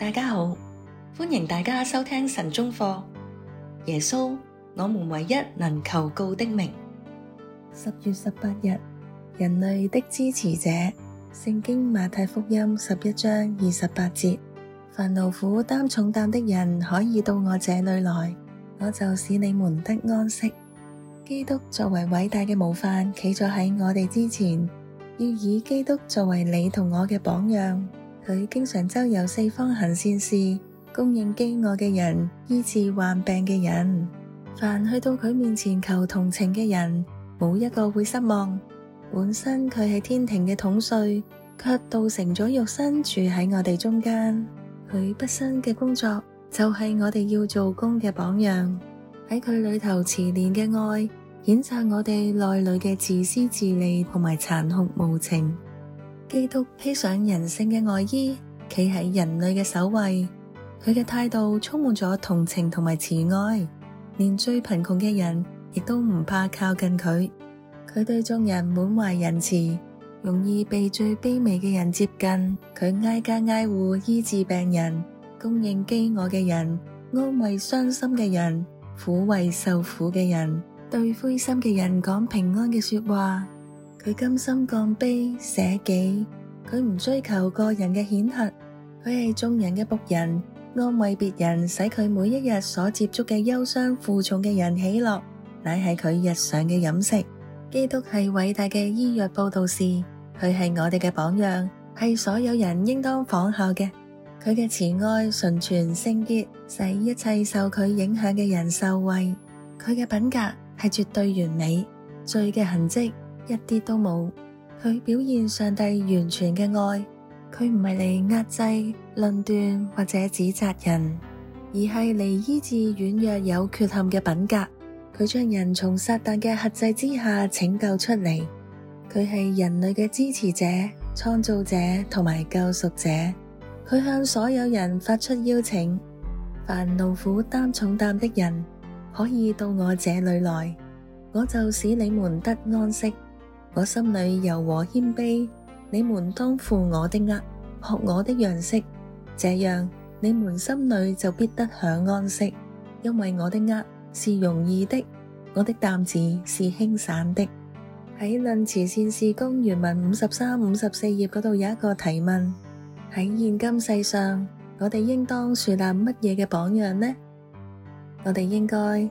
大家好，歡迎大家收聽晨鐘課。耶穌，我們唯一能求告的名。十月十八日，人類的支持者。聖經馬太福音十一章二十八節：凡勞苦擔重擔的人，可以到我這裏來，我就使你們得安息。基督作為偉大嘅模範，企咗喺我哋之前，要以基督作為你同我嘅榜樣。佢經常周遊四方行善事，供應飢餓嘅人，醫治患病嘅人。凡去到佢面前求同情嘅人，冇一個會失望。本身佢係天庭嘅統帥，卻道成咗肉身住喺我哋中間。佢畢生嘅工作就係我哋要做工嘅榜樣。喺佢裏頭慈憐嘅愛，譴責我哋內裏嘅自私自利同埋殘酷無情。基督披上人性嘅外衣，企喺人類嘅首位。佢嘅態度充滿咗同情同埋慈愛，連最貧窮嘅人亦都唔怕靠近佢。佢對眾人滿懷仁慈，容易被最卑微嘅人接近。佢挨家挨戶醫治病人，供應飢餓嘅人，安慰傷心嘅人，撫慰受苦嘅人，對灰心嘅人講平安嘅說話。佢甘心降卑捨己，佢唔追求個人嘅顯赫，佢係眾人嘅僕人，安慰別人，使佢每一日所接觸嘅憂傷負重嘅人喜樂，乃係佢日常嘅飲食。基督係偉大嘅醫藥布道士，佢係我哋嘅榜樣，係所有人應當仿效嘅。佢嘅慈愛純全聖潔，使一切受佢影響嘅人受惠。佢嘅品格係絕對完美，罪嘅痕迹。一啲都冇，佢表現上帝完全嘅愛，佢唔係嚟壓制、論斷或者指責人，而係嚟醫治軟弱、有缺陷嘅品格。佢將人從撒旦嘅轄制之下拯救出嚟。佢係人類嘅支持者、創造者同埋救贖者。佢向所有人發出邀請：凡勞苦擔重擔的人，可以到我這裏來，我就使你們得安息。我心裏柔和謙卑，你們當負我的軛，學我的樣式，這樣你們心裏就必得享安息，因為我的軛是容易的，我的擔子是輕散的。喺《論慈善事工原文》五十三、五十四頁嗰度有一個提問：喺現今世上，我哋應當樹立乜嘢嘅榜樣呢？我哋應該。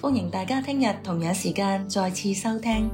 歡迎大家聽日同樣時間再次收聽。